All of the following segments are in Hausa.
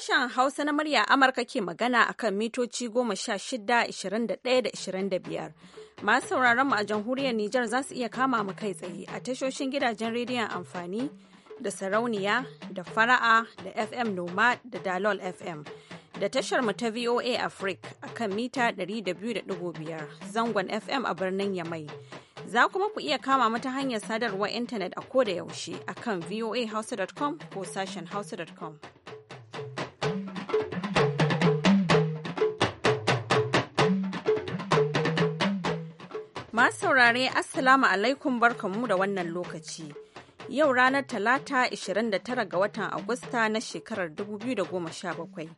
Sashen Hausa na murya Amurka ke magana a kan mitoci 16 da biyar Masu sauraron mu a jamhuriyar Nijar za su iya kama mu kai tsaye a tashoshin gidajen rediyon amfani da sarauniya da fara'a da FM Noma da Dalol FM. Da tashar mu ta VOA Africa a kan mita 200.5 zangon FM a birnin Yamai. Za kuma ku iya kama mu ta hanyar sadarwar intanet a koda yaushe a kan voahausa.com ko sashen hausa.com. Masu saurare Assalamu alaikum mu da wannan lokaci. Yau ranar Talata 29 ga watan Agusta na shekarar 2017.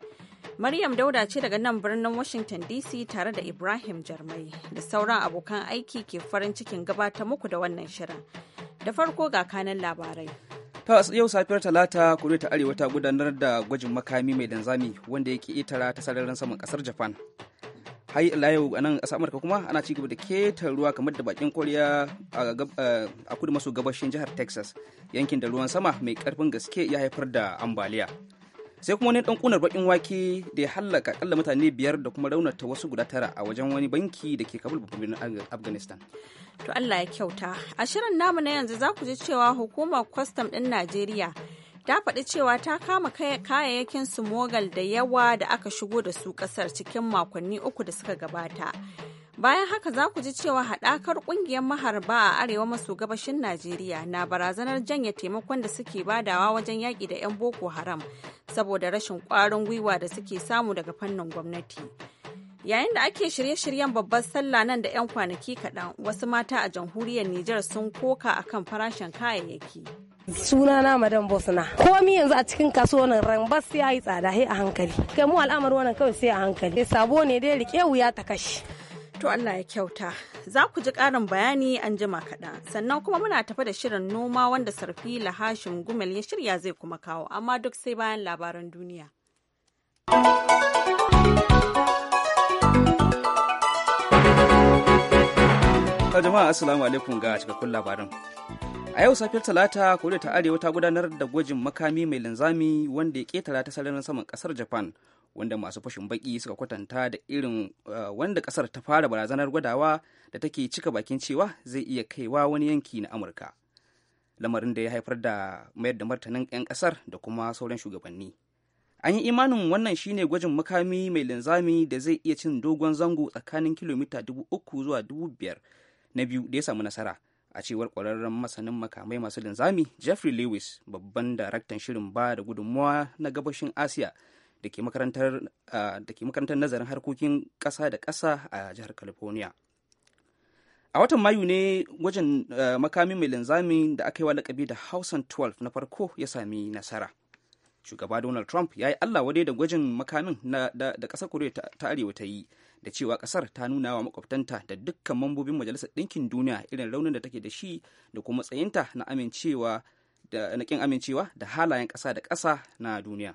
Maryam Dauda ce daga nan birnin Washington DC tare da Ibrahim Jarmai da sauran abokan aiki ke farin cikin gabata muku da wannan shirin. Da farko ga kanan labarai. ta yau safiyar talata kudu ta arewa ta gudanar da gwajin makami mai danzami wanda yake itara ta sararin saman kasar japan har ila a nan ƙasa amurka kuma ana ci gaba da keta ruwa kamar da bakin koriya a kudu maso gabashin jihar texas yankin da ruwan sama mai karfin gaske ya haifar da ambaliya sai kuma wani dan kunar bakin wake da ya hallaka akalla mutane biyar da kuma raunata wasu guda tara a wajen wani banki da ke kabul babban afghanistan to allah ya kyauta a shirin namu na yanzu za ku ji cewa hukumar kwastam din najeriya ta faɗi cewa ta kama kayayyakin su mogal da yawa da aka shigo da su ƙasar cikin makonni uku da suka gabata. Bayan haka za ku ji cewa haɗakar ƙungiyar maharba a arewa maso gabashin Najeriya na barazanar janye taimakon da suke badawa wajen yaƙi da 'yan Boko Haram saboda rashin ƙwarin gwiwa da suke samu daga fannin gwamnati. Yayin da ake shirye-shiryen babbar sallah nan da 'yan kwanaki kaɗan, wasu mata a jamhuriyar Nijar sun koka akan farashin kayayyaki. suna na madan bosna komi yanzu a cikin kasuwar ran bas ya yi tsada sai a hankali kai mu al'amar wannan kawai sai a hankali sabo ne dai rike wuya ta kashi to Allah ya kyauta za ku ji ƙarin bayani an jima kaɗan sannan kuma muna tafa da shirin noma wanda sarfi lahashin gumel ya shirya zai kuma kawo amma duk sai bayan labaran duniya jama'a assalamu alaikum ga cikakkun labaran a yau safiyar talata koriya ta arewa ta gudanar da gwajin makami mai linzami wanda ya ketara ta sararin saman kasar japan wanda masu fashin baki suka kwatanta da irin eh, wanda kasar ta fara barazanar gwadawa da take cika bakin cewa zai iya kaiwa wani yanki na amurka lamarin da ya haifar da mayar da martanin 'yan kasar da kuma sauran shugabanni an yi imanin wannan shine gwajin makami mai linzami da zai iya cin dogon zango tsakanin kilomita dubu uku zuwa dubu biyar na biyu da ya samu nasara a cewar kwararren masanin makamai masu linzami jeffrey lewis babban daraktan shirin ba da gudunmawa na gabashin asiya da ke makarantar nazarin harkokin ƙasa da ƙasa a jihar california a watan mayu ne wajen makami mai linzami da aka yi wa lakabi da hausan 12 na farko ya sami nasara shugaba donald trump ya yi allah wadai da gwajin makamin da ƙasar korea ta arewa ta yi da cewa kasar ta nuna wa makwabtanta da dukkan mambobin majalisar ɗinkin duniya irin raunin da take da shi da kuma tsayinta na amincewa da na kin amincewa da halayen ƙasa da ƙasa na duniya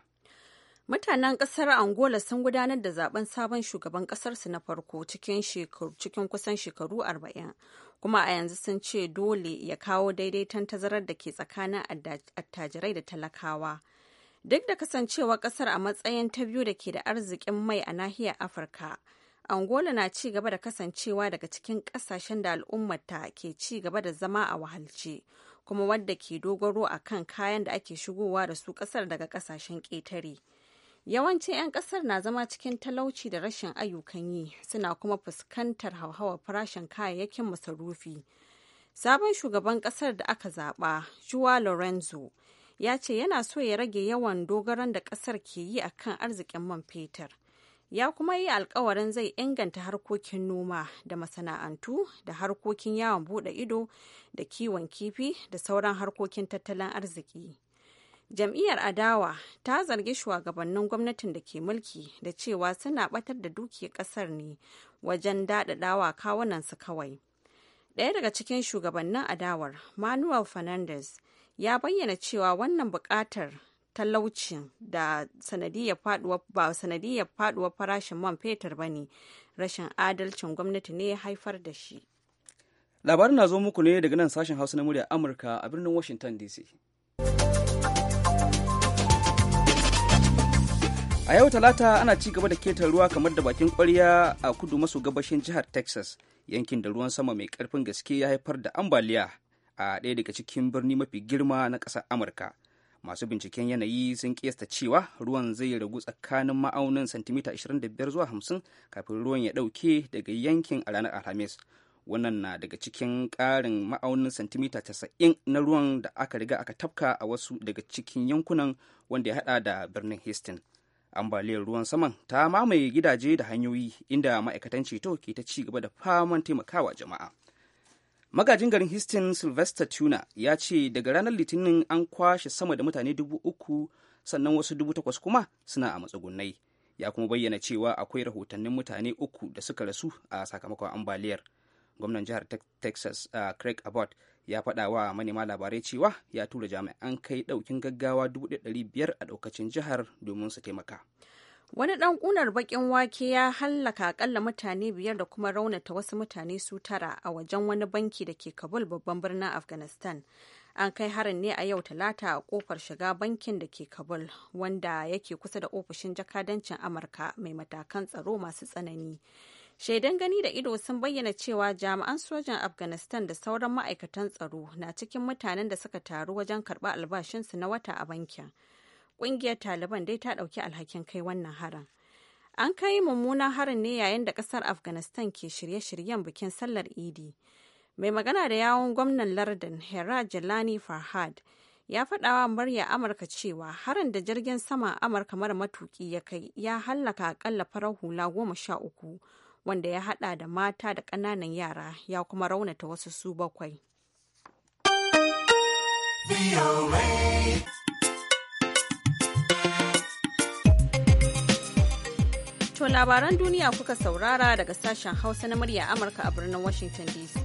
mutanen ƙasar angola sun gudanar da zaben sabon shugaban ƙasarsu na farko cikin cikin kusan shekaru arba'in kuma a yanzu sun ce dole ya kawo daidaiton tazarar da ke tsakanin attajirai da talakawa duk da kasancewa kasar a matsayin ta biyu da ke da arzikin mai a nahiyar afirka Angola na ci gaba da kasancewa daga cikin ƙasashen da al'ummata ke ci gaba da zama a wahalce, kuma wadda ke dogaro a kan kayan da ake shigowa da su ƙasar daga ƙasashen ƙetare. Yawancin 'yan ƙasar na zama cikin talauci da rashin ayyukan yi, suna kuma fuskantar hauhawar farashin kayayyakin masarufi. Sabon shugaban ƙasar da aka zaɓa, Juwa Lorenzo, ya ce yana so ya rage yawan dogaron da ƙasar ke yi akan arzikin man fetur. ya kuma yi alkawarin zai inganta harkokin noma da masana'antu da harkokin yawon bude ido da kiwon kifi da sauran harkokin tattalin arziki jam'iyyar adawa ta zargi shugabannin gwamnatin da ke mulki da cewa suna batar da dukiya kasar ne wajen daɗaɗawa kawunansu kawai ɗaya daga cikin shugabannin adawar manuel fernandez ya bayyana cewa wannan buƙatar talaucin da sanadiyar faduwar ba sanadiyar faduwar farashin man fetur ba ne rashin adalcin gwamnati ne ya haifar da shi labarin na zo muku ne daga nan sashen hausa na murya amurka a birnin washington dc a yau talata ana ci gaba da keta ruwa kamar da bakin kwarya a kudu maso gabashin jihar texas yankin da ruwan sama mai karfin gaske ya haifar da ambaliya a ɗaya daga cikin birni mafi girma na ƙasar amurka masu binciken yanayi sun kiyasta cewa ruwan zai ragu tsakanin ma'aunin santimita 25 zuwa 50 kafin ruwan ya ɗauke daga yankin a ranar alhamis wannan na daga cikin ƙarin ma'aunin santimita 90 na ruwan da aka riga aka tafka a wasu daga cikin yankunan wanda ya hada da birnin houston ambaliyar ruwan saman ta mamaye gidaje da hanyoyi inda ma'aikatan ceto ke ta ci gaba da faman taimakawa jama'a magajin garin houston sylvester tuna ya ce daga ranar litinin an kwashe sama da mutane dubu uku sannan wasu dubu takwas kuma suna a matsugunai ya kuma bayyana cewa akwai rahotannin mutane uku da suka rasu a sakamakon ambaliyar gwamnan jihar texas uh, craig abbott ya faɗa wa manema labarai cewa ya tura jami'an kai ɗaukin gaggawa biyar a ɗaukacin jihar domin su taimaka Wani dan kunar bakin wake ya hallaka akalla mutane biyar da kuma raunata wasu mutane su tara a wajen wani banki da ke Kabul babban birnin Afghanistan. An kai harin ne a yau talata a kofar shiga bankin da ke Kabul wanda yake kusa da ofishin jakadancin Amurka mai matakan tsaro masu tsanani. Shaidan gani da ido sun bayyana cewa jami'an sojan Afghanistan da sauran ma'aikatan tsaro na cikin mutanen da suka taru wajen karba albashinsu na wata a bankin. Ƙungiyar Taliban dai ta ɗauki alhakin kai wannan harin. An kai mummunan harin ne yayin da ƙasar Afghanistan ke shirye-shiryen bikin sallar Idi. Mai magana da yawon gwamnan lardin Hera Jalani Farhad ya faɗawa murya Amurka cewa harin da jirgin sama Amurka mara matuki ya kai ya hallaka akalla farar hula goma sha uku wanda ya haɗa da mata da ƙananan yara ya kuma raunata wasu su bakwai. To labaran duniya kuka saurara daga sashen Hausa na murya Amurka a birnin Washington DC.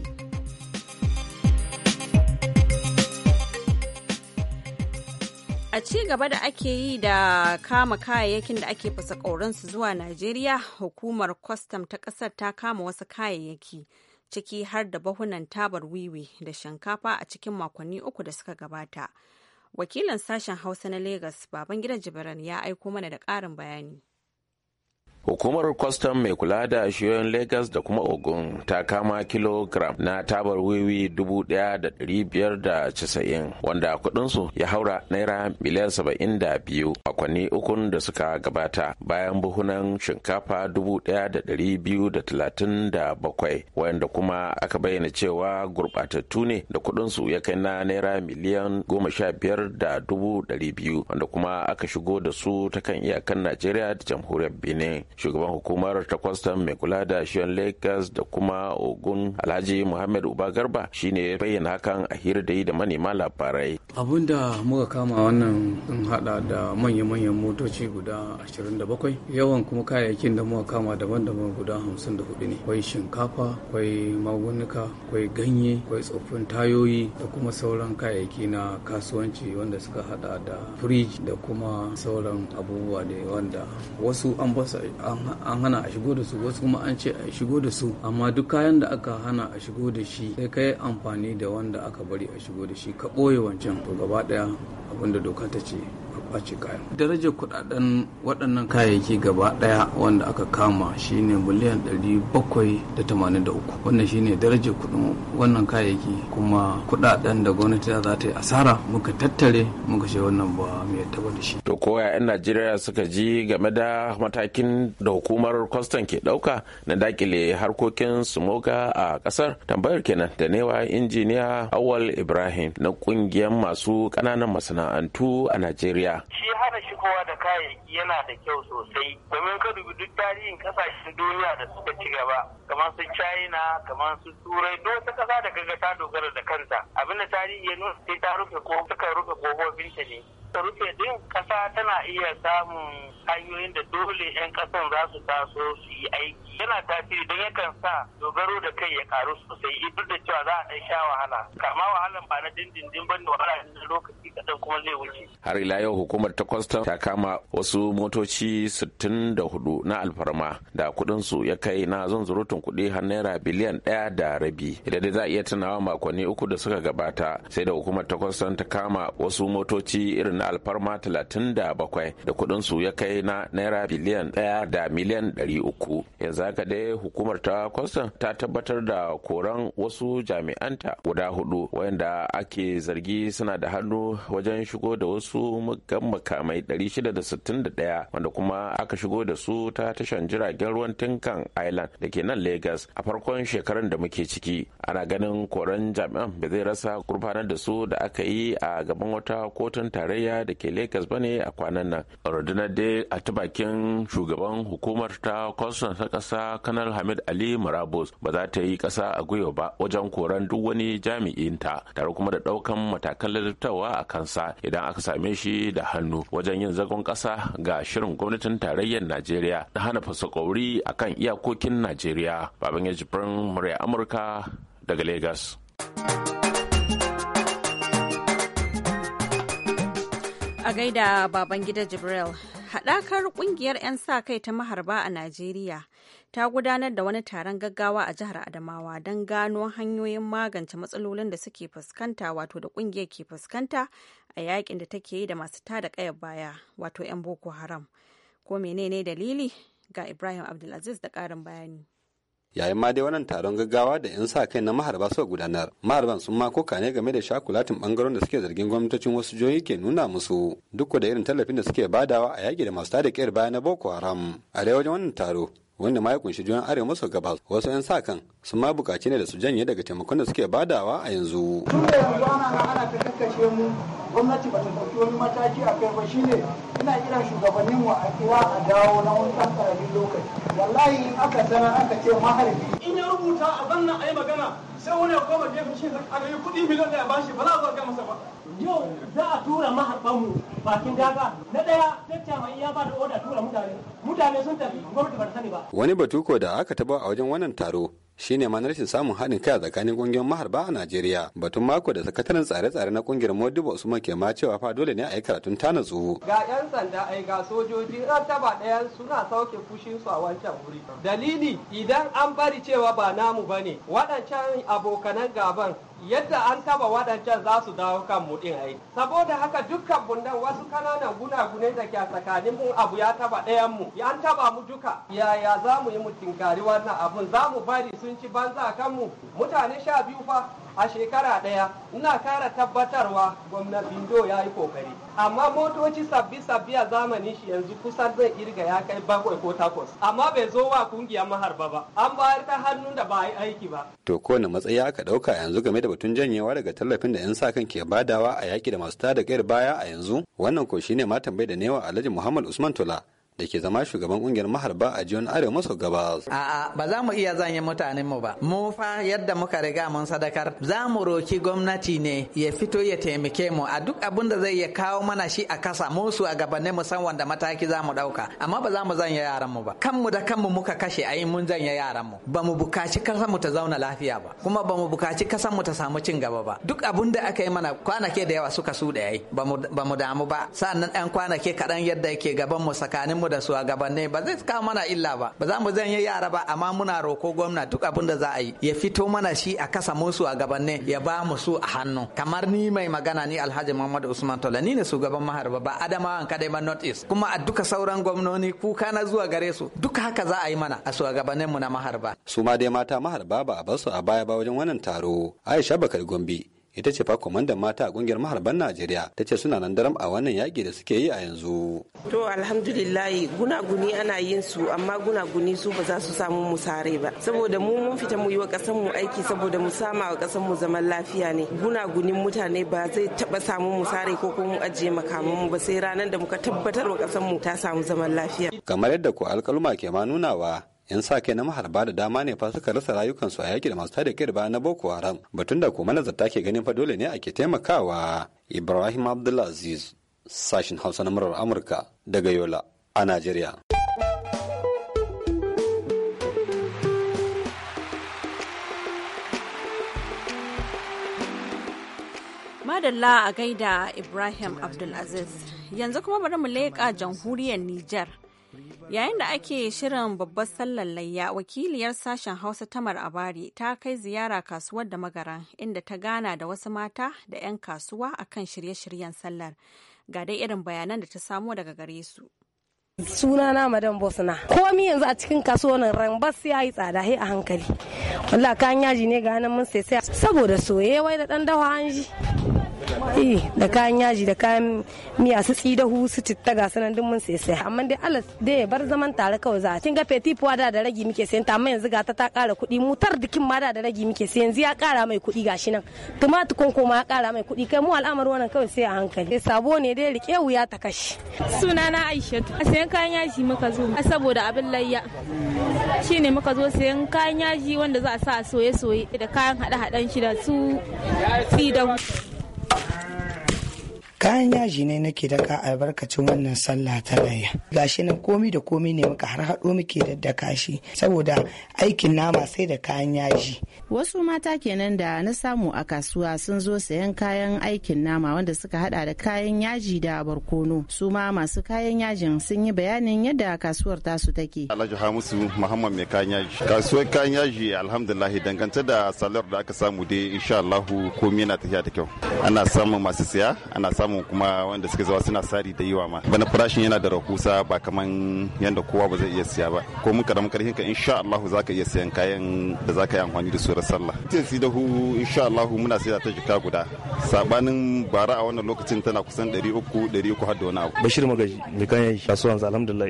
A ci gaba da ake yi da kama kayayyakin da ake fasa su zuwa Najeriya, hukumar kwastam ta ƙasar ta kama wasu kayayyaki. ciki har da bahunan tabar wiwi da shinkafa a cikin makonni uku da suka gabata. Wakilin sashen Hausa na Legas, gidan Jibiran ya aiko mana da ƙarin bayani. hukumar kwastam mai kula da shiyoyin lagos da kuma ogun ta kama kilogram na tabar wiwi 1,590 wanda kudinsu ya haura naira miliyan 72 makonni ukun da suka gabata bayan buhunan shinkafa 1,237 wanda kuma aka bayyana cewa gurbatattu ne da kudinsu ya kai na naira miliyan 15,200 wanda kuma aka shigo da su ta kan iyakan najeriya da jamhuriyar benin shugaban hukumar ta kwastam mai kula da shiyan lagos da kuma ogun alhaji muhammad uba garba shine ya bayyana hakan a hira da yi da manema labarai abun da muka kama wannan sun hada da manya-manyan motoci guda 27 yawan kuma kayayyakin da muka kama daban-daban guda 54 ne akwai shinkafa akwai magunuka akwai ganye akwai tsoffin tayoyi da kuma sauran kayayyaki na kasuwanci wanda suka hada da firij da kuma sauran abubuwa da wanda wasu an basa an hana a shigo da su wasu kuma an ce a shigo da su amma duk kayan da aka hana a shigo da shi sai kai amfani da wanda aka bari a shigo da shi ka ɓoye wancan to gaba ɗaya abinda doka ta ce kwace kayan darajar kudaden waɗannan kayayyaki gaba ɗaya wanda aka kama shine miliyan 783 wannan shine darajar kudin wannan kayayyaki kuma kudaden da gwamnati za ta yi asara muka tattare muka ce wannan ba mu yadda ba da shi to koya yan najeriya suka ji game da matakin da hukumar kwastan ke ɗauka na dakile harkokin sumoka a ƙasar tambayar kenan da newa injiniya awal ibrahim na ƙungiyar masu ƙananan masana'antu a najeriya Shi hana shigowa da kayayyaki yana da kyau sosai domin ka dubi duk tarihin kasashen duniya da suka ci gaba kamar su China kamar su Turai duk wata kasa da kaga ta dogara da kanta abinda tarihi ya nuna sai ta rufe ko suka rufe kofofinta ne ta rufe din kasa tana iya samun hanyoyin da dole 'yan kasan za su taso su yi aiki yana tasiri don yakan sa dogaro da kai ya karu sosai eh, duk da cewa za a ɗan sha wahala kama wahalan ba na dindindin ba ne wahala na lokaci kaɗan kuma zai wuce. har ila yau hukumar ta kwastam ta kama wasu motoci 64 na alfarma da kuɗin su ya kai na zunzurutun kuɗi har naira biliyan ɗaya da rabi idan za a iya tunawa makonni uku da suka gabata sai da hukumar ta kwastam ta kama wasu motoci irin na alfarma 37 da kuɗin su ya kai na naira biliyan 1 da miliyan 300 yanzu haka dai hukumar ta kwastam ta tabbatar da koran wasu jami'anta guda hudu wayanda ake zargi suna da hannu wajen shigo da wasu muggan makamai 661 wanda kuma aka shigo da su ta tashan jiragen ruwan tinkan island da ke nan lagos a farkon shekarun da muke ciki ana ganin koran jami'an ba zai rasa gurfanar da su da aka yi a gaban wata kotun tarayya tarayya da ke Legas bane a kwanan nan. Rodina da a ta bakin shugaban hukumar ta kwastan ta ƙasa Kanal Hamid Ali Murabus ba za ta yi ƙasa a gwiwa ba wajen koran duk wani jami'in ta tare kuma da ɗaukan matakan ladabtawa a kansa idan aka same shi da hannu wajen yin zagon ƙasa ga shirin gwamnatin tarayyar Najeriya na hana a kan iyakokin Najeriya. Baban ya jibrin murya Amurka daga Legas. gaida baban gida Jibril. Haɗakar ƙungiyar 'yan sa-kai ta maharba a Najeriya ta gudanar da wani taron gaggawa a jihar Adamawa don gano hanyoyin magance matsalolin da suke fuskanta wato da ƙungiyar ke fuskanta a yakin da take yi da masu tada kayar baya wato 'yan Boko Haram. Ko menene dalili ga Ibrahim Abdulaziz da ƙarin bayani. yayin ma dai wannan taron gaggawa da 'yan sa kai na maharba suka gudanar maharban sun ma koka ne game da shakulatin bangaren da suke zargin gwamnatocin wasu jihohi ke nuna musu duk da irin tallafin da suke badawa a yaki da masu tada kiyar baya na boko haram a dai wajen wannan taro wanda ma ya kunshi juyan arewa maso gabas wasu 'yan sa kan sun ma buƙaci ne da su janye daga taimakon da suke badawa a yanzu. Tun da yanzu ana nan ana ta kakkashe mu gwamnati ba ta ɗauki wani mataki a kai ba shine ina kiran shugabannin mu a kira a dawo na wani ɗan ƙaramin lokaci. Wallahi in aka sanar aka ce maharbi. In ya rubuta a zanna a yi magana sai wani ya koma gefe shi a gari kuɗi miliyan da ya bashi ba za a zarga masa ba. Yau za a tura maharbanmu bakin daga na ɗaya tattama ya ba da oda tura mutane mutane sun tafi gwamnati ba ta sani ba. Wani batuko da aka taɓa a wajen wannan taro shine ma rashin samun haɗin kai a tsakanin ƙungiyoyin maharba a Najeriya batun mako da sakataren tsare-tsare na ƙungiyar Modibo Usman ke ma cewa fa dole ne a yi karatun tana tsuhu ga yan sanda ai ga sojoji ran taba ɗayan suna sauke fushin su a wancan wuri dalili idan an bari cewa ba namu bane waɗancan abokanan gaban yadda an taba waɗancan za su dawo kan mu ɗin aiki. saboda haka dukkan bundan wasu kananan gunagune da ke tsakanin mu abu ya taba ɗayan mu ya an taba mu duka yaya za mu yi mu tinkari wannan abun za mu bari sun ci banza kan mu mutane sha biyu fa a shekara ɗaya ina kara tabbatarwa gwamna bindo ya yi kokari amma motoci sabbi sabbi a zamani shi yanzu kusan zai irga ya kai bakwai ko takwas amma bai zo wa kungiyar maharba ba an bayar ta hannun da ba a yi aiki ba to kowane matsayi aka ɗauka yanzu game da batun janyewa daga tallafin da yan sa kan ke badawa a yaƙi da masu tada kayar baya a yanzu wannan ko shine ma tambayar da newa alhaji muhammad usman tola da ke zama shugaban kungiyar maharba a jiyon arewa maso gabas. A'a ba za mu iya zanye mutanen mu ba. Mu fa yadda muka riga mun sadakar za mu roki gwamnati ne ya fito ya taimake mu a duk abin da zai iya kawo mana shi a kasa mu su a gabanne mu san wanda mataki za mu dauka amma ba za mu zanye yaran mu ba. Kanmu da kanmu muka kashe ayi mun zanye yaran mu. Ba mu bukaci kasar mu ta zauna lafiya ba kuma ba mu bukaci kasar mu ta samu cin gaba ba. Duk abin da aka yi mana kwanake da yawa suka su da yayi ba mu damu ba. Sa'annan ɗan kwanake kaɗan yadda yake gaban mu tsakanin mu da su a gabanai ba zai kawo mana illa ba ba za mu zan yi yara ba amma muna roko gwamna duk abin da za a yi ya fito mana shi a kasa musu a gabanai ya ba mu su a hannu kamar ni mai magana ni Alhaji Muhammad Usman Tola ni ne shugaban maharba ba Adamawan kadai ba North East kuma a duka sauran gwamnoni kuka na zuwa gare su duka haka za a yi mana a shugabannin mu na maharba su ma dai mata maharba ba a basu a baya ba wajen wannan taro Aisha Bakar Gombe ita ce fa kwamandan mata a kungiyar maharban najeriya ta ce suna nan daram a wannan yaƙi da suke yi a yanzu to alhamdulillahi gunaguni ana yin su amma gunaguni su ba za su samu mu sare ba saboda mu mun fita mu yi wa ƙasar mu aiki saboda mu sama wa ƙasar mu zaman lafiya ne gunagunin mutane ba zai taɓa samu mu sare ko kuma mu ajiye makaman mu ba sai ranar da muka tabbatar wa ƙasar mu ta samu zaman lafiya kamar yadda ko alkaluma ke ma nunawa yan sa kai na maharba da dama ne fa suka rasa rayukansu a yaki da masu tada kai na boko haram batun da kuma nazarta ke ganin fa dole ne ake taimakawa ibrahim abdulaziz sashin hausa na murar amurka daga yola a najeriya madalla a gaida ibrahim abdulaziz yanzu kuma bari mu leƙa jamhuriyar niger Yayin da ake shirin babbar sallar layya, wakiliyar sashen Hausa Tamar Abari ta kai ziyara kasuwar da magaran inda ta gana da wasu mata da 'yan kasuwa akan shirye-shiryen sallar. Ga dai irin bayanan da ta samo daga gare su. Suna na madan bosna komi yanzu a cikin kasuwar ran bas ya yi tsada a hankali wallahi kayan yaji ne ga nan mun sai saboda soye da dan dawa an ji. eh da kayan yaji da kayan miya su da su citta ga sanan dun mun sai sai amma dai alas dai ya bar zaman tare kawai za kin ga peti puwa da da ragi muke sayan ta amma yanzu ga ta ta kara kuɗi mutar dikin ma da da ragi muke sayan yanzu ya kara mai kuɗi gashi nan tumatir kun ma ya kara mai kuɗi kai mu al'amar wannan kawai sai a hankali eh, sabo ne dai rike wuya ta kashi sunana Aisha a sayan kayan yaji muka zo saboda abin layya shine muka zo sayan kayan yaji wanda za a sa soye-soye da kayan hada-hadan shi da su da kayan yaji ne nake daka albarkacin wannan sallah ta laya gashi nan komi da komi ne muka har haɗo muke daddaka shi saboda aikin nama sai da kayan yaji wasu mata kenan da na samu a kasuwa sun zo sayan kayan aikin nama wanda suka hada da kayan yaji da barkono su ma masu kayan yajin sun yi bayanin yadda kasuwar tasu take alhaji hamisu muhammad mai kayan yaji kasuwar kayan yaji alhamdulillah dangance da salar da aka samu dai insha Allah komi yana tafiya da kyau ana samun masu siya ana samun samu kuma wanda suka zuwa suna sari da yiwa ma bana farashin yana da rahusa ba kaman yanda kowa ba zai iya siya ba ko mun karamin karfin ka insha Allah za ka iya siyan kayan da za ka yi amfani da su da sallah tin si da hu insha Allah muna siya ta jika guda sabanin bara a wannan lokacin tana kusan 300 300 har da wani abu bashir magaji mai kan kasuwan alhamdulillah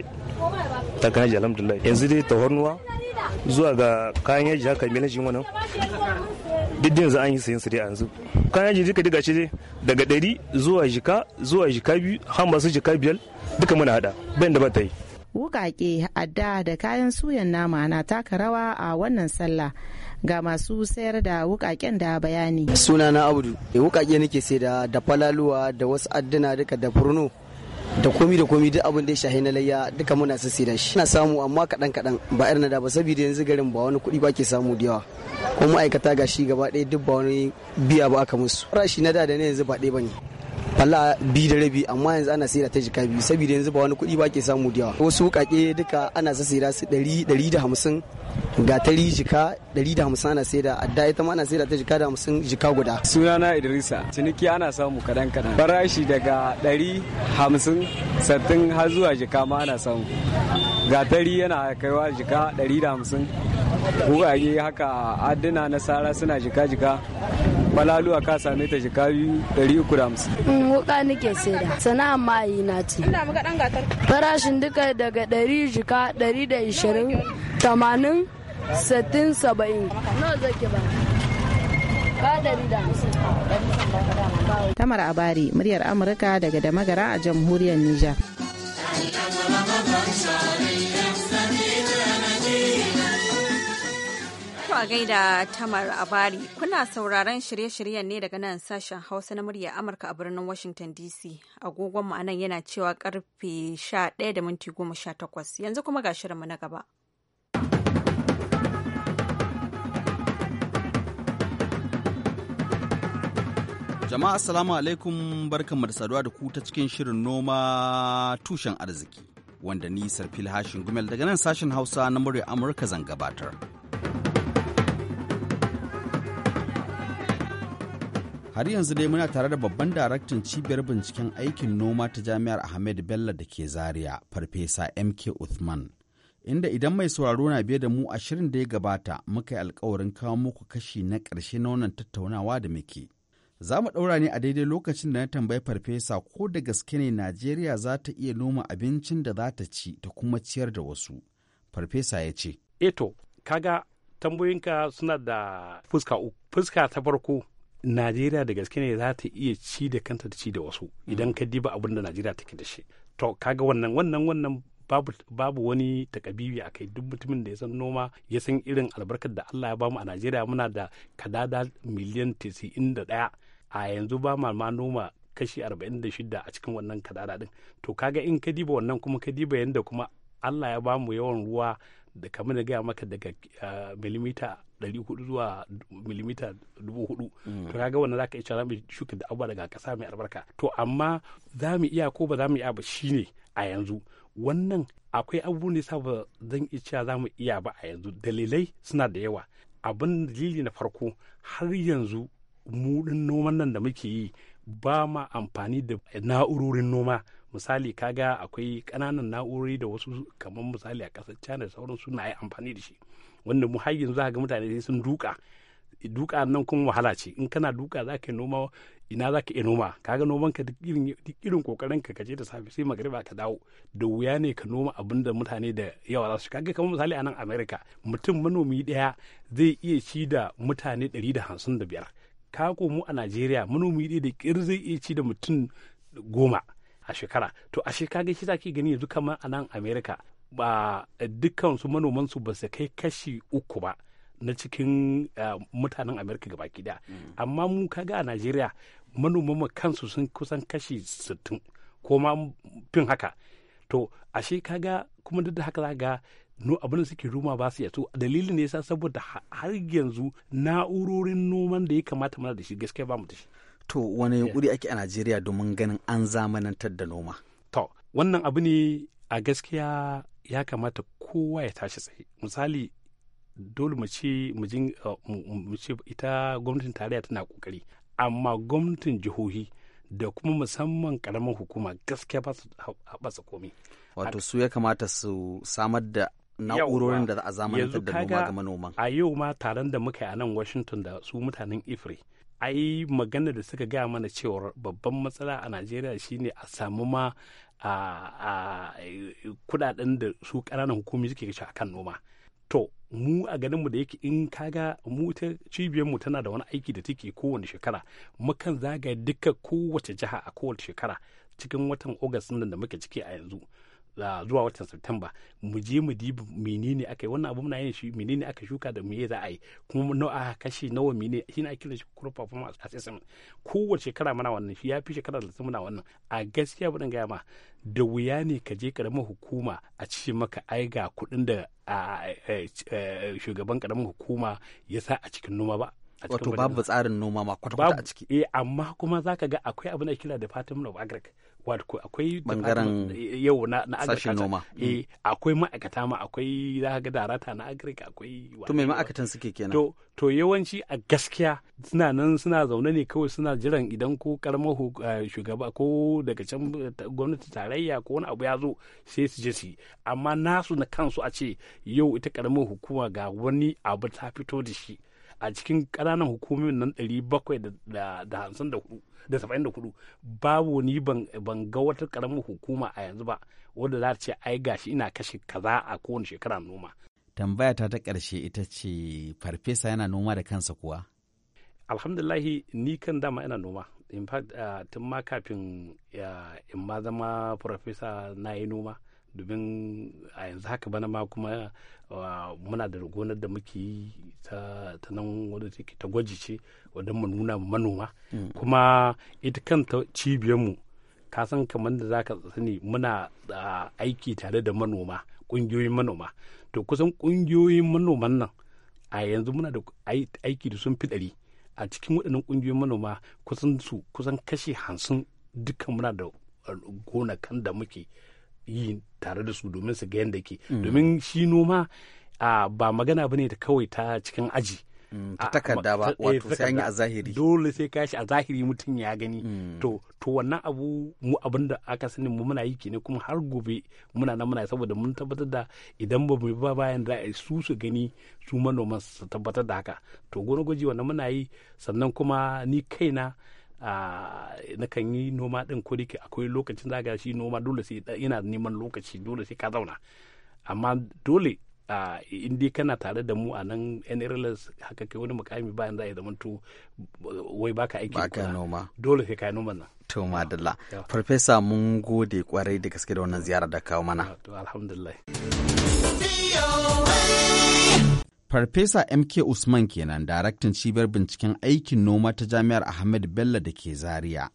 ta kan alhamdulillah yanzu dai ta hornuwa zuwa ga kayan yaji haka milajin wannan duk yanzu an yi sayin su dai yanzu kayan yaji duka duka ce daga ɗari zuwa jika zuwa jika biyu har masu jika biyar duka muna hada bayan da ba ta yi wukake adda da kayan suyan nama na taka rawa a wannan sallah ga masu sayar da wukaken da bayani sunana abudu eh, wukake nake sai da da falaluwa da wasu adduna duka da furno da komi da komi duk abin da ya shahi na layya duka muna sassi da shi ina samu amma kaɗan kaɗan ba irin da ba saboda yanzu garin ba wani kuɗi ba ke samu da yawa kuma ma'aikata gashi gaba ɗaya duk ba wani biya ba aka musu rashi na da da ne yanzu ba ɗaya ba ne Allah bi da rabi amma yanzu ana sayar ta jika biyu saboda yanzu ba wani kuɗi ba ke samu da yawa. Wasu kake duka ana sayar su ɗari ɗari da hamsin ga tari jika ɗari da hamsin ana sayar da adda ita ma ana sayar ta jika da hamsin jika guda. Sunana Idrisa ciniki ana samu kaɗan kaɗan farashi daga ɗari hamsin sattin har zuwa jika ma ana samu. Gatari yana kaiwa jika ɗari da hamsin. Wurare haka adduna na sara suna jika-jika balaluwa ka same ta jika biyu ɗari uku da hamsin. Mm, wuka nake saida sana'a mayi na ce. farashin duka daga ɗari shika, ɗari da ishirin tamanin sittin saba'in. nawa zaki ba? Tamar Abari, muryar Amurka daga Damagara a jamhuriyar Nijar. To a gaida Tamar Abari, kuna sauraron shirye-shiryen ne daga nan sashen Hausa na murya Amurka a birnin Washington DC. Agogon mu anan yana cewa karfe 11 da minti 18. Yanzu kuma ga shirinmu na gaba. Jama'a assalamu alaikum barkanmu da saduwa da ku ta cikin shirin noma tushen arziki wanda ni Sarfil Hashin Gumel daga nan sashen Hausa na murya Amurka zan gabatar. har yanzu dai muna tare da babban daraktan cibiyar binciken aikin noma ta jami'ar ahmed bello da ke zaria farfesa mk uthman inda idan mai sauraro na biye da mu a shirin da ya gabata muka yi alkawarin kawo muku kashi na ƙarshe na wannan tattaunawa da muke za mu ɗaura ne a daidai lokacin da na tambayi farfesa ko da gaske ne najeriya za ta iya noma abincin da za ta ci ta kuma ciyar da wasu farfesa ya ce eto eh kaga tambayinka suna da fuska uku fuska ta farko najeriya da gaske ne za ta iya ci da kanta da ci da wasu idan mm. ka diba abin da najeriya take da shi to kaga wannan wannan wannan babu, babu wani takabibi a kai duk mutumin da ya san noma ya san irin albarkar da allah ya bamu a najeriya muna da kadada miliyan 91 a yanzu ba ma noma kashi 46 a cikin wannan kadada din to kaga in ka diba wannan kuma ka diba yadda kuma allah ya bamu yawan ruwa da kamar da gaya maka daga ah, milimita 400 zuwa milimita hudu. Mm. to kaga wannan zaka iya cewa shuka da abuwa daga kasa mai albarka to amma za mu iya ko ba za mu iya ba shine a yanzu wannan akwai abubuwan da ba zan iya cewa za mu iya ba a yanzu dalilai suna da yawa abin dalili na farko har yanzu mu noman nan da muke yi ba ma amfani da na'urorin noma misali kaga akwai kananan na'urori da wasu kamar misali a ƙasar china da sauran suna yi amfani da shi wanda mu har yanzu ga mutane sai sun duka duka nan kuma wahala ce in kana duka za ka noma ina za ka iya noma kaga noman ka duk irin kokarin ka kaje da safe sai magariba ka dawo da wuya ne ka noma abin da mutane da yawa za su kaga kamar misali a nan america mutum manomi daya zai iya ci da mutane ɗari da da biyar kako mu a nigeria manomi daya da kir zai iya ci da mutum goma a shekara to a shekara shi zaki gani yanzu kamar a nan america ba dukkan su manoman su ba su kai kashi uku ba na cikin eh, mutanen america gaba daya mm. amma mu kaga a najeriya manoman kansu sun kusan kashi sittin ko ma fin haka to ashe kaga kuma duk da haka za ga no abin da suke ruma ba su ya dalilin ne yasa saboda har yanzu na'urorin noman da ya kamata mana da shi gaskiya ba mu da shi To wani yunkuri ake a Najeriya domin ganin an zamanantar da noma? To wannan abu ne a gaskiya ya kamata kowa ya tashi tsaye. Misali dole mu ce uh, ita gwamnatin tarayya tana kokari amma gwamnatin jihohi da kuma musamman karamin hukuma gaskiya ba su haɓasa komai. Wato su ya kamata su samar da na'urorin da za a zamanantar da noma ga manoman. A yau ma taron da muka yi a nan Washington da su mutanen Ifri ai magana da suka gaya mana cewar babban matsala a najeriya shine a samu ma a kudaden da su kananan hukumi suke kashe akan noma to mu a ganinmu da yake in kaga mu ta cibiyarmu tana da wani aiki da take kowane shekara mukan zagaya duka kowace jiha a kowace shekara cikin watan ogas da muke ciki a yanzu zuwa watan Satumba mu je mu dibi menene aka yi wannan abu muna yin shi menene aka shuka da me za a yi kuma nawa kashi nawa mene shi na kira shi crop performance assessment kowace shekara muna wannan shi ya fi shekara da muna wannan a gaskiya budan gaya ma da wuya ne ka je karamin hukuma a cikin maka ai ga kuɗin da shugaban karamin hukuma ya sa a cikin noma ba wato babu tsarin noma ma kwata-kwata a ciki eh amma kuma zaka ga akwai abin da kira department of agric wato akwai bangaren eh, eh, yau na na sashen noma eh hmm. akwai ma'aikata ma akwai za ga darata na agrika akwai to me ma'aikatan suke kenan to to yawanci a gaskiya suna nan suna zaune ne kawai suna jiran idan ko karamar eh, shugaba ko daga can gwamnati tarayya ko wani abu ya zo sai su je su amma nasu na kansu a ce yau ita karamar hukuma ga wani abu ta fito da shi a cikin ƙananan hukumomin nan ɗari bakwai da hamsin da saba'in da hudu babu ni ban ga wata ƙaramin hukuma a yanzu ba wadda za ta ce ai gashi ina kashe kaza a kowane shekara noma. tambaya ta ta ƙarshe ita ce farfesa yana noma da kansa kuwa. alhamdulahi ni kan dama yana noma in fact ah, tun ma kafin ah, in ma zama farfesa na yi noma. domin a yanzu haka bana ma kuma muna da gonar da muke yi ta nan wadda take ta gwaji ce wadda mu nuna manoma hmm. kuma ita kanta cibiyarmu ka san kamar da zaka sani muna aiki tare da manoma Kungiyoyin manoma to kusan kungiyoyin manoman nan a yanzu muna da aiki da sun fi ɗari a cikin waɗannan ƙungiyoyin manoma kusan su kusan kashi hamsin dukkan muna da gonakan da muke yi tare da su domin su ga yadda ke mm. domin shi noma ba magana bane ta kawai ta cikin aji mm, ta takarda ba eh, wato sai an yi a zahiri dole sai ka shi a zahiri mutum ya gani mm. to to wannan abu mu abin aka sani mu muna yi ne kuma har gobe muna nan muna saboda mun tabbatar da idan ba mu ba bayan da su su gani su manoman su tabbatar da haka to gona gwaji wannan muna yi sannan kuma ni kaina na kan yi noma din ko da akwai lokacin zaga shi noma dole sai ina neman lokaci dole sai ka zauna amma dole in dai kana tare da mu a nan NRLS haka kai wani mukami bayan za a yi zaman to wai baka aiki ka noma dole sai kai noman nan to madalla farfesa mun gode kwarai da gaske da wannan ziyara da kawo mana Farfesa MK Usman kenan daraktan cibiyar binciken aikin noma ta Jami'ar Ahmed Bello da ke Zaria.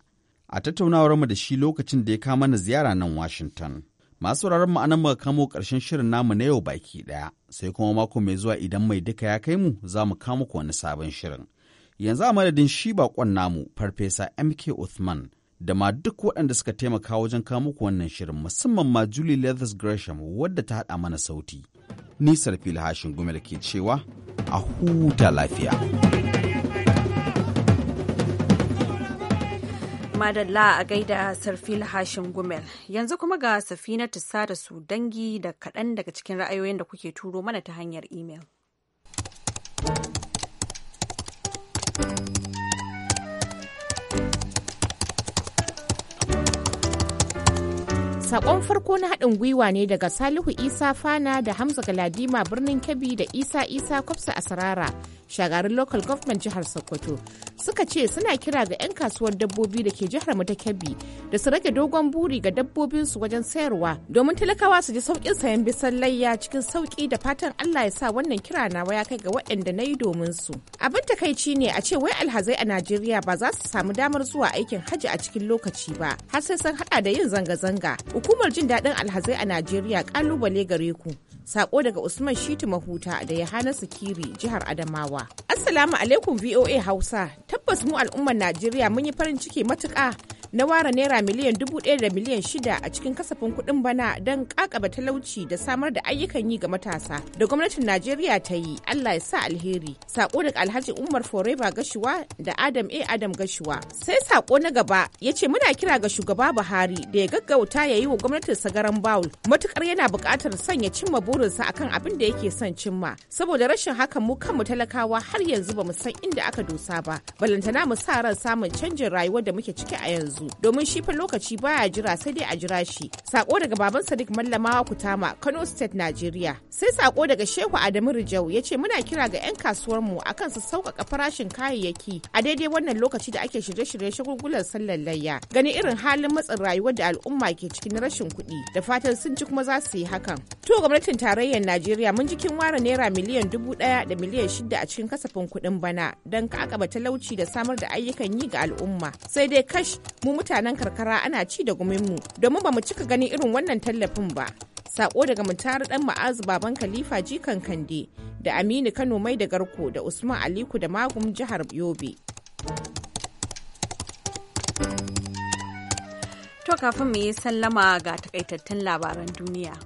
A tattaunawar mu da shi lokacin da ya kama na ziyara nan Washington. Masu mu anan muka kamo ƙarshen shirin namu na yau baki ɗaya, sai kuma mako mai zuwa idan mai duka ya kai mu za mu kama ku wani sabon shirin. Yanzu a madadin shi baƙon namu Farfesa MK usman. da ma duk waɗanda suka taimaka wajen muku wannan shirin musamman ma Julie Leathers Gresham wadda ta haɗa mana sauti. ni Sarfil hashin gumel ke cewa a huta lafiya. Madalla a gaida Sarfil lahashin Gumel. Yanzu kuma ga safina ta da su dangi da kaɗan daga cikin ra'ayoyin da kuke turo mana ta hanyar imel. Sakon farko na haɗin gwiwa ne daga Salihu Isa Fana da Hamza Galadima birnin Kebbi da Isa Isa Kwafsa Asarara shagarin Local Government jihar Sokoto suka ce suna kira ga 'yan kasuwar dabbobi da ke jihar mu Kebbi da su rage dogon buri ga dabbobinsu wajen sayarwa domin talakawa su ji saukin sayan bisan layya cikin sauƙi da fatan Allah ya sa wannan kira nawa ya kai ga waɗanda na yi domin su. Abin takaici ne a ce wai alhazai a Najeriya ba za su samu damar zuwa aikin hajji a cikin lokaci ba har sai sun haɗa da yin zanga-zanga. Hukumar jin daɗin alhazai a Najeriya ƙalubale gare ku. Sako daga Usman Shitu Mahuta da Yohana Sikiri jihar Adamawa. Assalamu alaikum VOA Hausa. Tabbas mu al'ummar Najeriya mun yi farin ciki matuƙa na ware naira miliyan dubu ɗaya da miliyan shida a cikin kasafin kuɗin bana don ƙaƙaba talauci da samar da ayyukan yi ga matasa da gwamnatin Najeriya ta yi Allah ya sa alheri. Sako daga Alhaji Umar Foreba Gashuwa da Adam A. Adam Gashuwa. Sai sako na gaba ya ce muna kira ga shugaba Buhari da ya gaggauta ya yi wa gwamnatinsa garan bawul matukar yana buƙatar sanya cimma burinsa akan abin da yake son cimma saboda rashin hakan mu kanmu talakawa har yanzu ba mu san inda aka dosa ba balantana mu sa ran samun canjin rayuwar da muke ciki a yanzu yanzu domin shi fa lokaci baya jira sai dai a jira shi. Sako daga baban Sadiq Mallamawa Kutama, Kano State, nigeria. Sai sako daga Shehu Adamu Rijau ya ce muna kira ga 'yan kasuwar mu akan su sauƙaƙa farashin kayayyaki a daidai wannan lokaci da ake shirye-shirye shagulgular sallar layya. Gani irin halin matsin rayuwar da al'umma ke cikin rashin kuɗi da fatan sun ci kuma za su yi hakan. To gwamnatin tarayyar Najeriya mun jikin ware naira miliyan dubu ɗaya da miliyan shida a cikin kasafin kuɗin bana don ka akaba talauci da samar da ayyukan yi ga al'umma. Sai dai kash mu mutanen karkara ana ci da guminmu domin ba mu cika ganin irin wannan tallafin ba sako daga mutar dan ma'azu baban khalifa jikan kande da aminu kano mai da garko da usman aliku da magum jihar yobe to kafin mu yi sallama ga takaitattun labaran duniya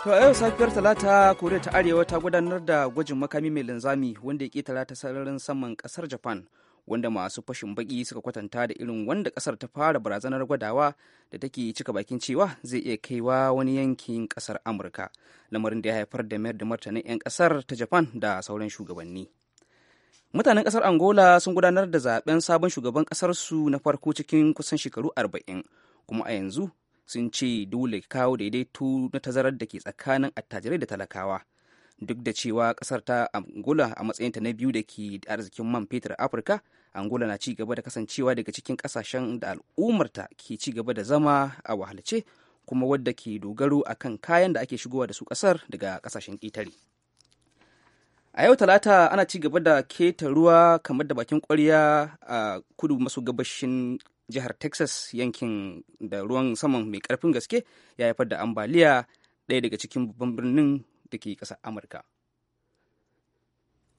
To yau safiyar Talata Koriya ta Arewa ta gudanar da gwajin makami mai linzami wanda ya ke talata sararin saman kasar Japan wanda masu fashin baki suka kwatanta da irin wanda kasar ta fara barazanar gwadawa da take cika bakin cewa zai iya kaiwa wani yankin kasar Amurka lamarin da ya haifar da mayar da martanin 'yan kasar ta Japan da sauran shugabanni. Mutanen kasar Angola sun gudanar da zaben sabon shugaban ƙasarsu na farko cikin kusan shekaru arba'in kuma a yanzu sun ce dole kawo daidaito na tazarar da ke tsakanin attajirai da talakawa duk da cewa kasar ta angola a matsayinta na biyu da ke arzikin man fetur afirka angola na ci gaba da kasancewa daga cikin kasashen da al'ummarta ke ci gaba da zama a wahalce kuma wadda ke dogaro a kan kayan da ake shigowa da su kasar daga kasashen ƙetare a yau talata ana ci gaba da keta ruwa kamar da bakin kwarya a kudu maso gabashin jihar texas yankin da ruwan saman mai karfin gaske ya haifar da ambaliya ɗaya daga cikin babban birnin da ke ƙasar amurka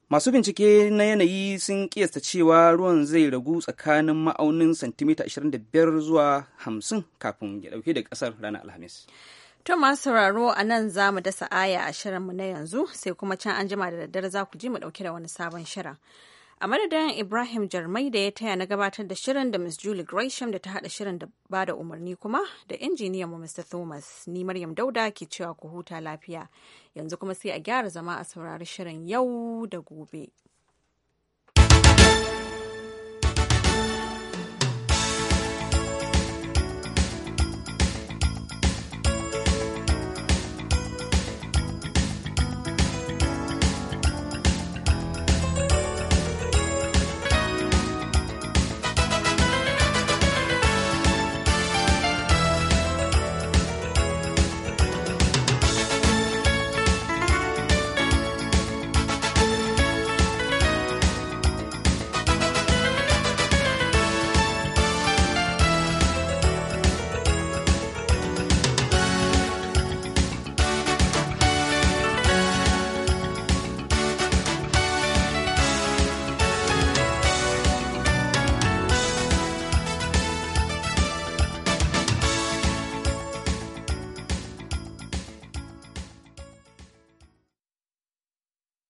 masu bincike na yanayi sun kiyasta cewa ruwan zai ragu tsakanin ma'aunin santimita 25 zuwa 50 kafin ya ɗauke da ƙasar rana alhamis To masu sauraro a nan za mu dasa aya a shirinmu na yanzu sai kuma can an jima da daddare za ku ji mu ɗauke da wani sabon shirin. a madadin ibrahim jarmai da ya taya na gabatar da shirin da miss julie gresham da ta hada shirin da ba da umarni kuma da injiniyan mu mr thomas ni maryam dauda ke cewa ku huta lafiya yanzu kuma sai a gyara zama a saurari shirin yau da gobe